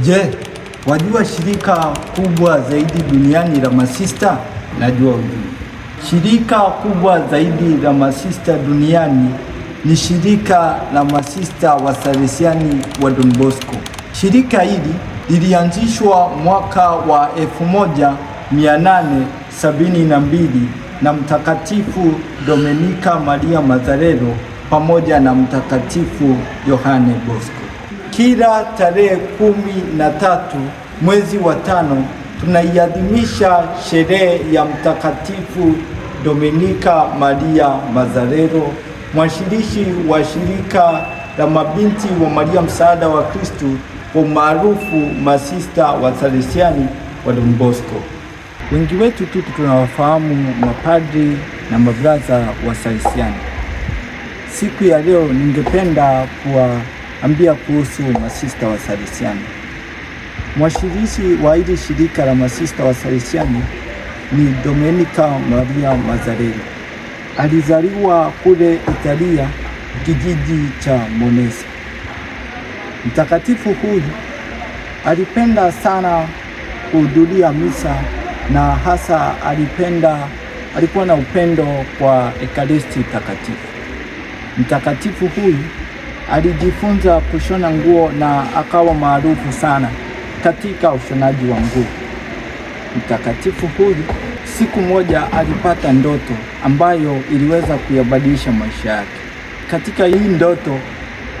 Je, wajua shirika kubwa zaidi duniani la masista? Najua ujui. Shirika kubwa zaidi la masista duniani ni shirika la masista wa Salesiani wa Don Bosco. Shirika hili lilianzishwa mwaka wa 1872 na Mtakatifu Domenica Maria Mazzarello pamoja na Mtakatifu Yohane Bosco. Kila tarehe kumi na tatu mwezi wa tano tunaiadhimisha sherehe ya Mtakatifu Dominika Maria Mazarero, mwashirishi wa shirika la mabinti wa Maria Msaada wa Kristo, kwa maarufu masista wa Salesiani wa Don Bosco. Wengi wetu tu tunawafahamu mapadri na mablaza wa Salesiani. Siku ya leo ningependa kuwa ambia kuhusu masista Wasalesiani. Mwashirishi wa hili shirika la masista Wasalesiani ni Domenica Maria Mazzarelli. Alizaliwa kule Italia, kijiji cha monesa Mtakatifu huyu alipenda sana kuhudhuria misa na hasa alipenda alikuwa na upendo kwa Ekaristi Takatifu. Mtakatifu huyu Alijifunza kushona nguo na akawa maarufu sana katika ushonaji wa nguo. Mtakatifu huyu siku moja alipata ndoto ambayo iliweza kuyabadilisha maisha yake. Katika hii ndoto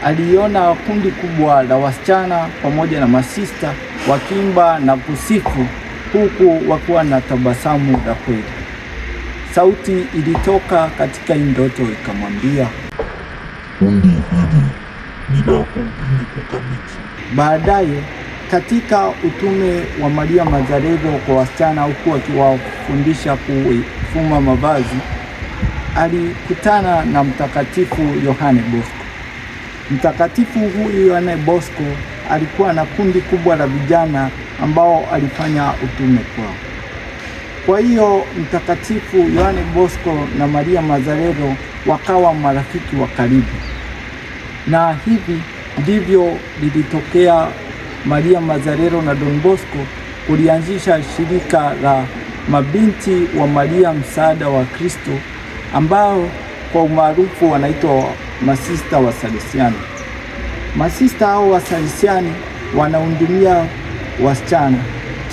aliona kundi kubwa la wasichana pamoja na masista wakiimba na kusifu huku wakiwa na tabasamu la kweli. Sauti ilitoka katika hii ndoto ikamwambia, kundi hili Baadaye katika utume wa Maria Mazarego kwa wasichana, huku akiwafundisha kufuma mavazi, alikutana na Mtakatifu Yohane Bosco. Mtakatifu huyu Yohane Bosco alikuwa na kundi kubwa la vijana ambao alifanya utume kwao. Kwa hiyo Mtakatifu Yohane Bosco na Maria mazarero wakawa marafiki wa karibu. Na hivi ndivyo lilitokea Maria mazarero na Don Bosco kulianzisha shirika la mabinti wa Maria msaada wa Kristo ambao kwa umaarufu wanaitwa masista Wasalesiani. Masista hao Wasalesiani wanahudumia wasichana,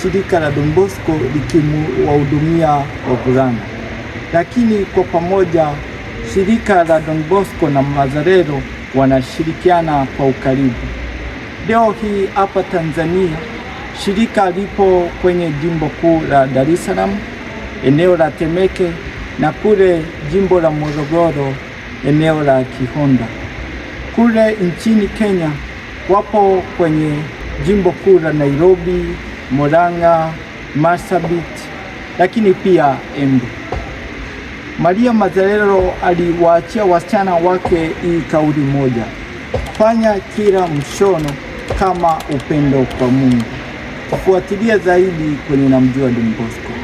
shirika la Don Bosco likimwahudumia wavulana. Lakini kwa pamoja shirika la Don Bosco na mazarero wanashirikiana kwa ukaribu. Leo hii hapa Tanzania shirika lipo kwenye jimbo kuu la Dar es Salaam, eneo la Temeke na kule jimbo la Morogoro, eneo la Kihonda. Kule nchini Kenya wapo kwenye jimbo kuu la Nairobi, Murang'a, Marsabit, lakini pia Embu. Maria Mazarelo aliwaachia wasichana wake hii kauli moja: fanya kila mshono kama upendo kwa Mungu. Kufuatilia zaidi kwenye Namjua Don Bosco.